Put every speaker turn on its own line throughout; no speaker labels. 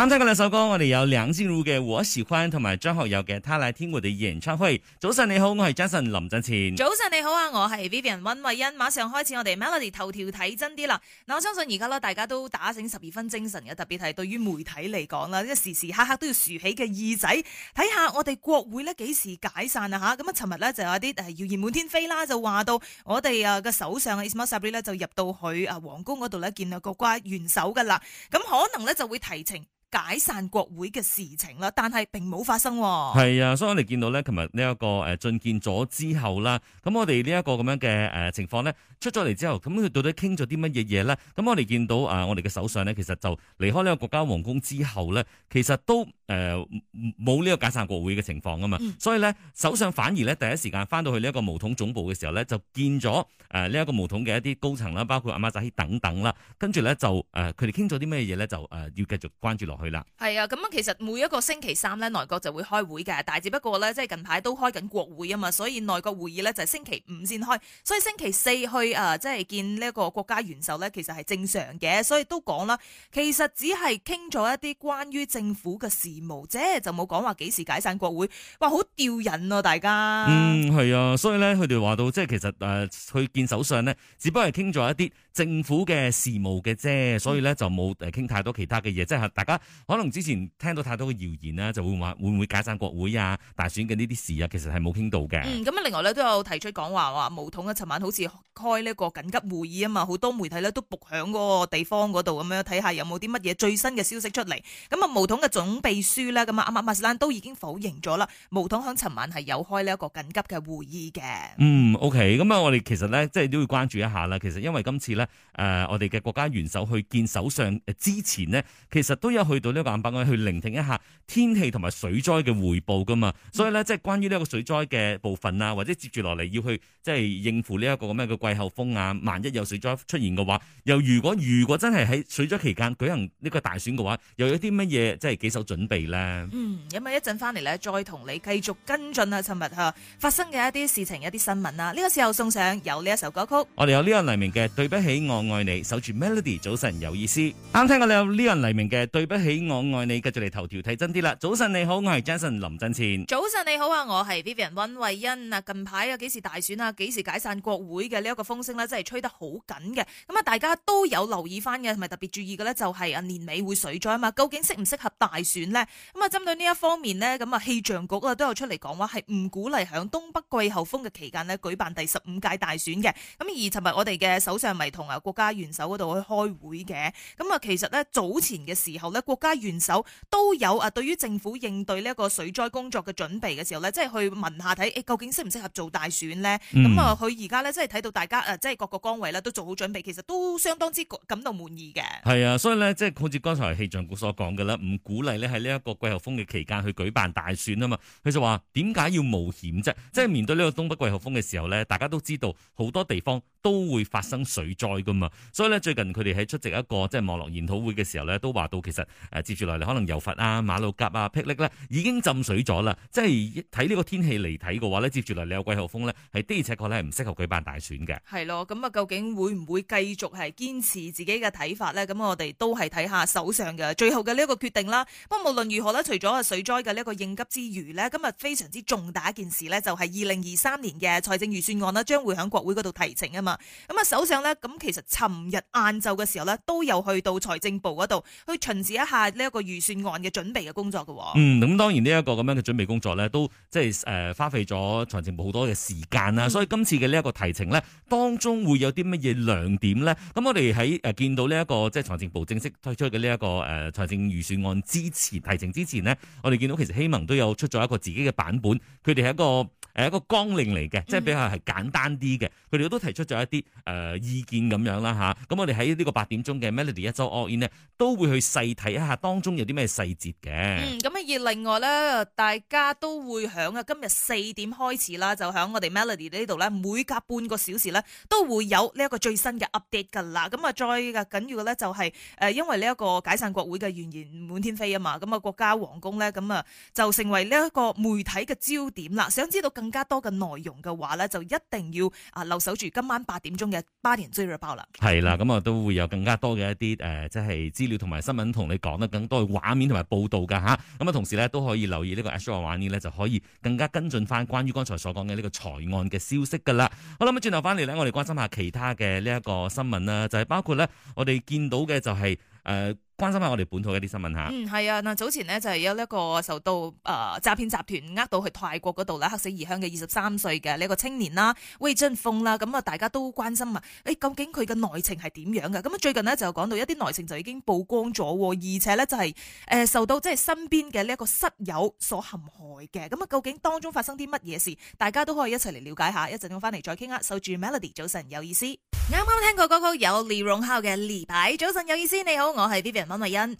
聽過嘅兩首歌，我哋有梁靜茹嘅《我喜歡》同埋張學友嘅《他來聽我的演唱會》。早晨你好，我係 Jason 林振前。早
晨你好啊，我係 Vivian 温慧欣。馬上開始我哋 Melody 頭條睇真啲啦。嗱，我相信而家大家都打醒十二分精神嘅，特別係對於媒體嚟講啦，即係時時刻刻都要豎起嘅耳仔，睇下我哋國會咧幾時解散啊吓。咁啊，尋日呢就有啲誒謠言滿天飛啦，就話到我哋啊嘅首相啊就入到去啊皇宮度咧，見到國家元首噶啦，咁可能咧就會提呈。解散國會嘅事情啦，但係並冇發生。
係啊，所以我哋見到咧，琴日呢一個誒進見咗之後啦，咁我哋呢一個咁樣嘅誒情況咧出咗嚟之後，咁佢到底傾咗啲乜嘢嘢咧？咁我哋見到啊、呃，我哋嘅首相咧，其實就離開呢個國家皇宮之後咧，其實都誒冇呢個解散國會嘅情況啊嘛。嗯、所以咧，首相反而咧第一時間翻到去呢一個毛統總部嘅時候咧，就見咗誒呢一個毛統嘅一啲高層啦，包括阿媽仔等等啦，跟住咧就誒佢哋傾咗啲乜嘢咧，就誒、呃呃、要繼續關注落。係啦，
係啊，咁啊，其實每一個星期三咧，內閣就會開會嘅，但係只不過咧，即係近排都開緊國會啊嘛，所以內閣會議咧就係、是、星期五先開，所以星期四去啊，即、就、係、是、見呢一個國家元首咧，其實係正常嘅，所以都講啦，其實只係傾咗一啲關於政府嘅事務啫，就冇講話幾時解散國會，哇，好吊癮啊，大家，嗯，
係啊，所以咧，佢哋話到即係其實誒去見首相呢，呃、只不過係傾咗一啲政府嘅事務嘅啫，所以咧就冇誒傾太多其他嘅嘢，即係大家。可能之前聽到太多嘅謠言啦，就會話會唔會解散國會啊、大選嘅呢啲事啊，其實係冇傾到嘅。
咁啊、嗯，另外咧都有提出講話話毛統啊，尋晚好似開呢個緊急會議啊嘛，好多媒體咧都伏響嗰個地方嗰度咁樣睇下有冇啲乜嘢最新嘅消息出嚟。咁、嗯、啊，毛統嘅總秘書啦，咁啊阿馬斯蘭都已經否認咗啦。毛統喺尋晚係有開呢一個緊急嘅會議嘅。嗯
，OK，咁啊，我哋其實咧即係都要關注一下啦。其實因為今次咧誒、呃，我哋嘅國家元首去見首相之前呢，其實都有去。到呢個眼板，我哋去聆聽一下天氣同埋水災嘅匯報噶嘛，所以咧，即係關於呢一個水災嘅部分啊，或者接住落嚟要去即係應付呢一個咁樣嘅季候風啊。萬一有水災出現嘅話，又如果如果真係喺水災期間舉行呢個大選嘅話，又有一啲乜嘢即係幾手準備咧？嗯，
咁啊，一陣翻嚟咧，再同你繼續跟進啊，尋日吓發生嘅一啲事情、一啲新聞啦。呢個時候送上有呢一首歌曲，
我哋有呢個黎明嘅《對不起，我愛你》，守住 Melody，早晨有意思。啱聽過你有呢個黎明嘅《對不起》。畀我愛你，繼續嚟，頭條睇真啲啦 HHH。早晨你好， 我係 Jason 林振倩。
早晨你好啊，我係 Vivian 溫慧欣啊。近排啊，幾時大選啊？幾時解散國會嘅呢一個風聲呢，真係吹得好緊嘅。咁啊，大家都有留意翻嘅，同埋特別注意嘅呢，就係啊，年尾會水災啊嘛。究竟適唔適合大選呢？咁啊，針對呢一方面呢，咁啊，氣象局啊都有出嚟講話，係唔鼓勵響東北季候風嘅期間呢，舉辦第十五屆大選嘅。咁而尋日我哋嘅首相咪同啊國家元首嗰度去開會嘅。咁啊，其實呢，早前嘅時候呢，國國家元首都有啊，對於政府應對呢一個水災工作嘅準備嘅時候呢，即係去問下睇，誒究竟適唔適合做大選呢？咁啊，佢而家呢，即係睇到大家啊，即係各個崗位呢都做好準備，其實都相當之感到滿意嘅。
係啊，所以呢，即係好似剛才氣象局所講嘅啦，唔鼓勵呢喺呢一個季候風嘅期間去舉辦大選啊嘛。佢就話點解要冒險啫？即係面對呢個東北季候風嘅時候呢，大家都知道好多地方都會發生水災噶嘛。所以呢，最近佢哋喺出席一個即係網絡研討會嘅時候呢，都話到其實。啊、接住落嚟，可能柔佛啊、馬六甲啊、霹靂咧，已經浸水咗啦。即係睇呢個天氣嚟睇嘅話咧，接住落嚟有季候風呢，係的而且確咧係唔適合舉辦大選嘅。
係咯，咁啊，究竟會唔會繼續係堅持自己嘅睇法呢？咁我哋都係睇下首相嘅最後嘅呢一個決定啦。不過無論如何咧，除咗水災嘅呢一個應急之餘呢，今日非常之重大一件事呢，就係二零二三年嘅財政預算案呢，將會喺國會嗰度提呈啊嘛。咁啊，首相呢，咁其實尋日晏晝嘅時候呢，都有去到財政部嗰度去巡視一下呢一個預算案嘅準備嘅工作嘅，
嗯，咁當然呢一、呢個咁樣嘅準備工作咧，都即係誒花費咗財政部好多嘅時間啦。嗯、所以今次嘅呢一個提呈咧，當中會有啲乜嘢亮點咧？咁、嗯、我哋喺誒見到呢、呢、一個即係財政部正式推出嘅呢一個誒財、呃、政預算案之前提呈之前呢，我哋見到其實希盟都有出咗一個自己嘅版本，佢哋係一個。誒一個綱領嚟嘅，即係比較係簡單啲嘅。佢哋、嗯、都提出咗一啲誒、呃、意見咁樣啦吓，咁、啊、我哋喺呢個八點鐘嘅 Melody 一周 all in，都會去細睇一下當中有啲咩細節嘅。嗯，
咁啊，而另外咧，大家都會響啊今日四點開始啦，就響我哋 Melody 呢度咧，每隔半個小時咧，都會有呢一個最新嘅 update 㗎啦。咁啊，再嘅緊要嘅咧、就是，就係誒，因為呢一個解散國會嘅原言，言滿天飛啊嘛，咁啊國家皇宮咧，咁啊就成為呢一個媒體嘅焦點啦。想知道。更加多嘅內容嘅話咧，就一定要啊留守住今晚八點鐘嘅《巴林追日包》啦。
係啦，咁啊都會有更加多嘅一啲誒、呃，即係資料同埋新聞同你講得更多嘅畫面同埋報道噶吓。咁啊，同時咧都可以留意個呢個 Honey 咧，就可以更加跟進翻關於剛才所講嘅呢個財案嘅消息噶啦。好啦，咁轉頭翻嚟咧，我哋關心下其他嘅呢一個新聞啦，就係、是、包括咧、就是，我哋見到嘅就係誒。關心下我哋本土一啲新聞吓，嗯係
啊嗱，早前呢，就係、是、有一個受到誒詐騙集團呃到去泰國嗰度咧，黑死異鄉嘅二十三歲嘅呢個青年啦 w 真 i j u 啦，咁啊大家都關心啊，誒、欸、究竟佢嘅內情係點樣嘅？咁、嗯、啊最近呢，就講到一啲內情就已經曝光咗，而且呢，就係、是、誒、呃、受到即係身邊嘅呢一個室友所陷害嘅，咁、嗯、啊究竟當中發生啲乜嘢事？大家都可以一齊嚟了解下，一陣我翻嚟再傾下。守住 Melody 早晨有意思，啱啱聽過個歌曲有李 i o 嘅李牌，早晨有意思你好，我係 Vivian。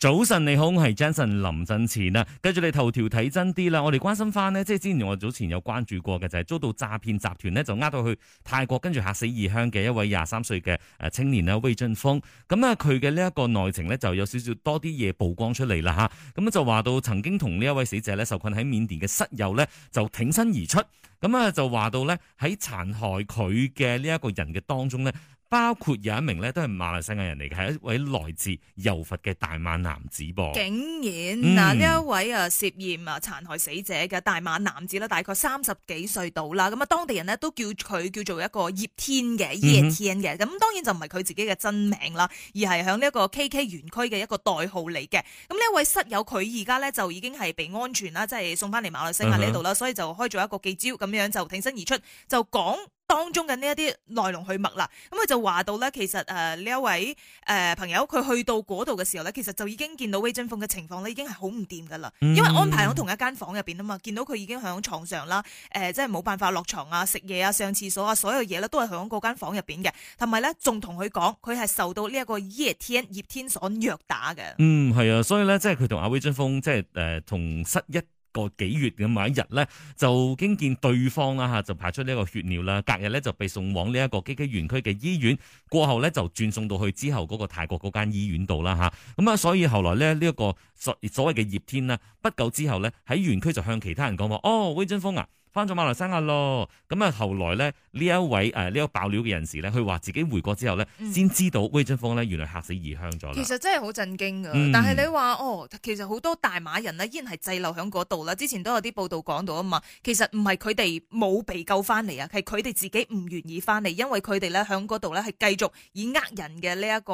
早晨你好，我係 Jensen 林振前啦。跟住你頭條睇真啲啦，我哋關心翻呢，即係之前我早前有關注過嘅就係、是、遭到詐騙集團呢，就呃到去泰國，跟住嚇死異鄉嘅一位廿三歲嘅誒青年啦，魏俊峰。咁啊，佢嘅呢一個內情呢，就有少少多啲嘢曝光出嚟啦吓。咁就話到曾經同呢一位死者咧受困喺緬甸嘅室友呢，就挺身而出，咁啊就話到呢，喺殘害佢嘅呢一個人嘅當中呢。包括有一名咧都係馬來西亞人嚟嘅，係一位來自柔佛嘅大馬男子噃。嗯、
竟然嗱呢一位啊涉嫌啊殘害死者嘅大馬男子咧，大概三十幾歲到啦。咁啊當地人呢都叫佢叫做一個葉天嘅 e、嗯、哼天」嘅。咁當然就唔係佢自己嘅真名啦，而係喺呢一個 KK 園區嘅一個代號嚟嘅。咁呢一位室友佢而家咧就已經係被安全啦，即、就、係、是、送翻嚟馬來西亞呢度啦。嗯、哼所以就開咗一個記招咁樣就挺身而出，就講。當中嘅呢一啲來龍去脈啦，咁佢就話到咧，其實誒呢、呃、一位誒、呃、朋友，佢去到嗰度嘅時候咧，其實就已經見到威震鋒嘅情況咧，已經係好唔掂噶啦，嗯、因為安排響同一間房入邊啊嘛，見到佢已經響床上啦，誒、呃、即係冇辦法落床啊、食嘢啊、上廁所啊，所有嘢咧都係響嗰間房入邊嘅，同埋咧仲同佢講，佢係受到呢一個葉天葉天所虐打嘅。嗯，
係啊，所以咧即係佢同阿威震鋒即係誒、呃、同失一。個幾月嘅某一日咧，就經見對方啦吓，就排出呢個血尿啦，隔日咧就被送往呢一個 KK 園區嘅醫院，過後咧就轉送到去之後嗰個泰國嗰間醫院度啦吓，咁、嗯、啊所以後來咧呢一個所所謂嘅葉天啦，不久之後咧喺園區就向其他人講話：，哦，威真瘋啊！翻咗馬來西亞咯，咁啊後來咧呢一位誒呢、呃這個爆料嘅人士咧，佢話自己回國之後咧，先、嗯、知道威震鋒咧原來吓死異鄉咗。其
實真係好震驚噶，嗯、但係你話哦，其實好多大馬人呢，依然係滯留響嗰度啦。之前都有啲報道講到啊嘛，其實唔係佢哋冇被救翻嚟啊，係佢哋自己唔願意翻嚟，因為佢哋咧響嗰度咧係繼續以呃人嘅呢一個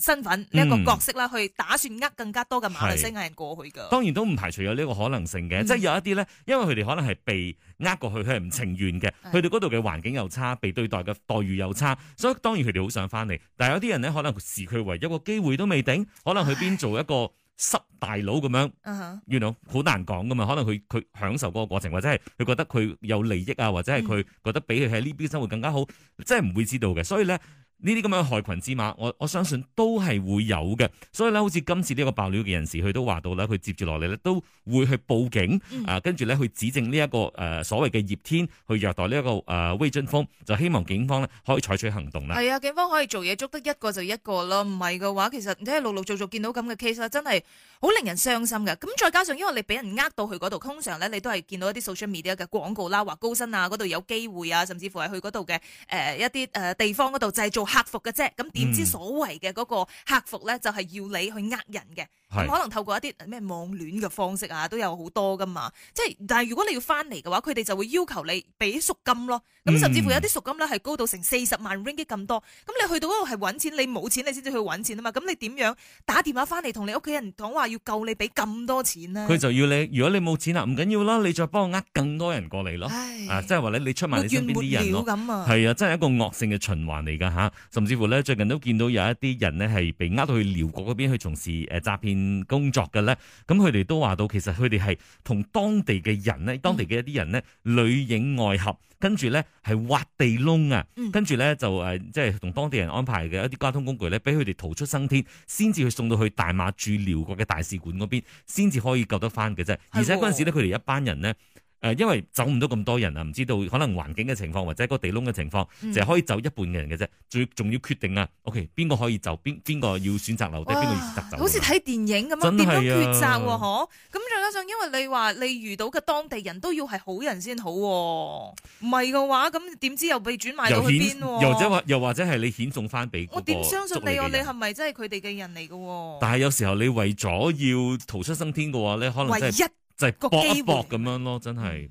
誒身份呢一個角色啦，去打算呃更加多嘅馬來西亞人過去噶。當
然都唔排除有呢個可能性嘅，嗯、即係有一啲咧，因為佢哋可能係被。呃過去佢係唔情願嘅，佢哋嗰度嘅環境又差，被對待嘅待遇又差，所以當然佢哋好想翻嚟。但係有啲人咧，可能視佢為一個機會都未定，可能佢邊做一個濕大佬咁樣，原來好難講噶嘛。可能佢佢享受嗰個過程，或者係佢覺得佢有利益啊，或者係佢覺得比佢喺呢邊生活更加好，即係唔會知道嘅。所以咧。呢啲咁嘅害羣之馬，我我相信都係會有嘅。所以咧，好似今次呢一個爆料嘅人士，佢都話到咧，佢接住落嚟咧都會去報警，啊，跟住咧去指證呢一個誒所謂嘅葉天去虐待呢一個誒威俊峯，就希望警方咧可以採取行動啦。係
啊，警方可以做嘢捉得一個就一個咯，唔係嘅話，其實你係陸陸續續見到咁嘅 case，真係好令人傷心嘅。咁再加上因為你俾人呃到去嗰度，通常咧你都係見到一啲 social media 嘅廣告啦，或高薪啊，嗰度有機會啊，甚至乎係去嗰度嘅誒一啲誒地方嗰度製造客服嘅啫，咁點知所謂嘅嗰個客服咧，就係、是、要你去呃人嘅。是可能透過一啲咩網戀嘅方式啊，都有好多噶嘛。即係，但係如果你要翻嚟嘅話，佢哋就會要求你俾贖金咯。咁甚至乎有啲贖金咧係高到成四十萬 ringgit 咁多。咁你去到嗰度係揾錢，你冇錢你先至去揾錢啊嘛。咁你點樣打電話翻嚟同你屋企人講話要救你俾咁多錢咧、啊？佢就
要你，如果你冇錢啊，唔緊要啦，你再幫我呃更多人過嚟咯。唉啊、即係話咧，你出賣你身邊啲人咯。係啊，啊，真係一個惡性嘅循環嚟㗎嚇。甚至乎咧，最近都見到有一啲人咧係被呃到去寮國嗰邊去從事誒詐騙工作嘅咧，咁佢哋都話到其實佢哋係同當地嘅人咧，嗯、當地嘅一啲人呢，裡應外合，跟住呢係挖地窿啊，嗯、跟住呢就誒即係同當地人安排嘅一啲交通工具呢，俾佢哋逃出生天，先至去送到去大馬駐寮國嘅大使館嗰邊，先至可以救得返嘅啫。的而且嗰陣時咧，佢哋一班人呢。誒，因為走唔到咁多人啊，唔知道可能環境嘅情況或者嗰地窿嘅情況，就係、嗯、可以走一半嘅人嘅啫。最重要決定啊，OK，邊個可以走，邊邊個要選擇留低，邊個要選擇走。好似睇
電影咁樣，點樣抉擇？嗬、啊！咁再加上，因為你話你遇到嘅當地人都要係好人先好、啊，唔係嘅話，咁點知又被轉賣到去邊、啊？又者
又或者係你遣送翻俾嗰個？我點相信你,你是是、啊？我你
係咪真係佢哋嘅人嚟嘅？
但係有時候你為咗要逃出生天嘅話你可能真就搏搏咁樣咯，真係，嗯、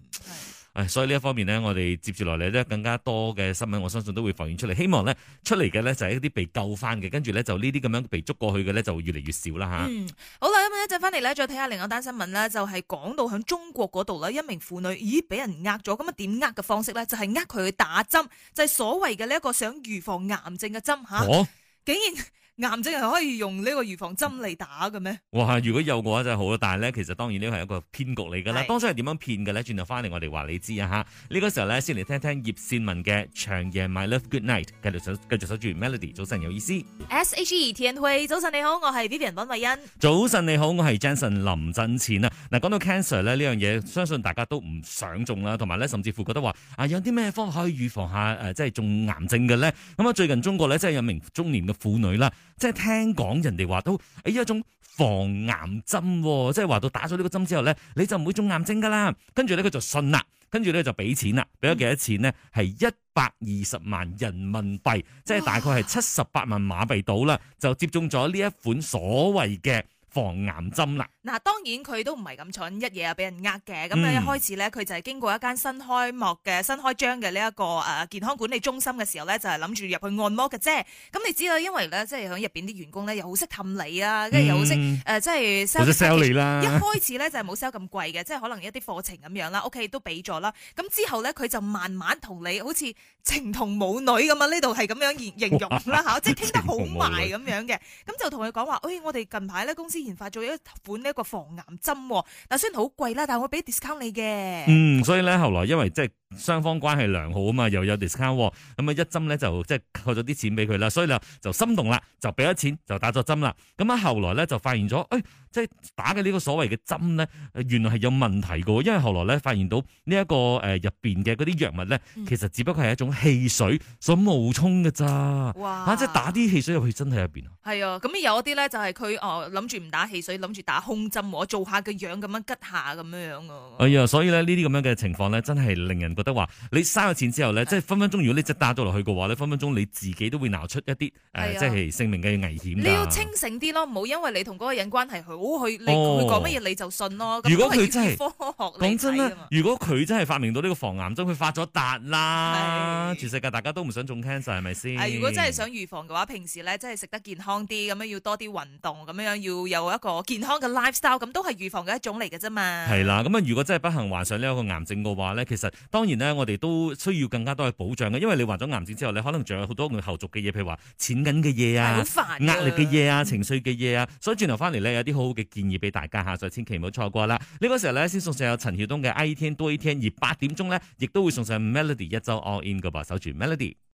唉，所以呢一方面呢，我哋接住落嚟咧，更加多嘅新聞，我相信都會浮現出嚟。希望咧出嚟嘅咧就係一啲被救翻嘅，跟住咧就呢啲咁樣被捉過去嘅咧就越嚟越少啦吓、啊嗯。
好啦，咁我一陣翻嚟咧，再睇下另外一單新聞啦，就係、是、講到響中國嗰度啦，一名婦女咦俾人呃咗，咁啊點呃嘅方式咧就係呃佢去打針，就係、是就是、所謂嘅呢一個想預防癌症嘅針吓，啊哦、竟然。癌症係可以用呢個預防針嚟打嘅咩？
哇！如果有嘅話真係好咯，但係咧，其實當然呢個係一個騙局嚟噶啦。是 當初係點樣騙嘅咧？轉頭翻嚟，我哋話你知啊吓。呢個時候咧，先嚟聽聽葉倩文嘅《長夜 My Love Good Night》，繼續守，繼續守住 Melody。早晨有意思
，S A G 天灰，早晨你好，我係 Vivian 溫慧欣。
早晨你好，我係 Jensen 林振前啊。嗱，講到 cancer 咧呢樣嘢，相信大家都唔想中啦，同埋咧，甚至乎覺得話啊，有啲咩方法可以預防下誒，即係中癌症嘅咧？咁啊，最近中國咧，即係有名中年嘅婦女啦。即係聽講人哋話到誒有一種防癌針、啊，即係話到打咗呢個針之後咧，你就唔會中癌症噶啦。跟住咧佢就信啦，跟住咧就俾錢啦，俾咗幾多錢咧？係一百二十萬人民幣，即係大概係七十八萬馬幣到啦，就接種咗呢一款所謂嘅。防癌針啦，
嗱、啊、當然佢都唔係咁蠢，一夜又俾人呃嘅，咁啊、嗯、一開始咧佢就係經過一間新開幕嘅新開張嘅呢一個誒、啊、健康管理中心嘅時候咧，就係諗住入去按摩嘅啫。咁你知啦，因為咧即係喺入邊啲員工咧又好識氹你啊，跟住、嗯、又好識誒，即係 sell sell 你啦。一開始咧就係冇 sell 咁貴嘅，即係可能一啲課程咁樣啦，屋企都俾咗啦。咁之後咧佢就慢慢同你好似情同母女咁啊，呢度係咁樣形容啦嚇，即係傾得好埋咁樣嘅。咁 就同佢講話，誒、哎、我哋近排咧公司。研發咗一款呢一個防癌針，嗱，雖然好貴啦，但係我俾 discount 你嘅。
嗯，所以咧後來因為即係。雙方關係良好啊嘛，又有 discount，咁、嗯、啊一針咧就即係扣咗啲錢俾佢啦，所以啦就心動啦，就俾咗錢就打咗針啦。咁、嗯、啊後來咧就發現咗，誒、哎、即係打嘅呢個所謂嘅針咧，原來係有問題嘅，因為後來咧發現到呢、這、一個誒入邊嘅嗰啲藥物咧，其實只不過係一種汽水所冒充嘅咋，吓、嗯啊、即係打啲汽水入去真係入邊啊。係啊，
咁有啲咧就係佢誒諗住唔打汽水，諗住打空針，我做下嘅樣咁樣吉下咁樣樣、
啊、哎呀，所以咧呢啲咁樣嘅情況咧，真係令人。覺得話，你嘥咗錢之後咧，嗯、即係分分鐘，如果你即係打咗落去嘅話咧，嗯、你分分鐘你自己都會鬧出一啲誒、嗯呃，即係性命嘅危險。你要清
醒啲咯，唔好因為你同嗰個人關係好，佢、哦、你佢講乜嘢你就信咯。如果佢真係科學講
真，如果佢真係發明到呢個防癌針，佢發咗達啦，是全世界大家都唔想中 cancer，係咪先？如果真係想
預防嘅話，平時咧真係食得健康啲，咁樣要多啲運動，咁樣要有一個健康嘅 lifestyle，咁都係預防嘅一種嚟嘅啫嘛。係
啦，咁啊，如果真係不幸患上呢一個癌症嘅話咧，其實當然。然咧，我哋都需要更加多嘅保障嘅，因為你患咗癌症之後，你可能仲有好多嘅後續嘅嘢，譬如話錢緊嘅嘢啊，煩壓力嘅嘢啊，情緒嘅嘢啊，所以轉頭翻嚟咧，有啲好好嘅建議俾大家吓，所以千祈唔好錯過啦。呢、呢個時候咧，先送上陳曉東嘅 I Ten Do It，而八點鐘咧，亦都會送上 Melody 一周 All In 嘅噃，守住 Melody。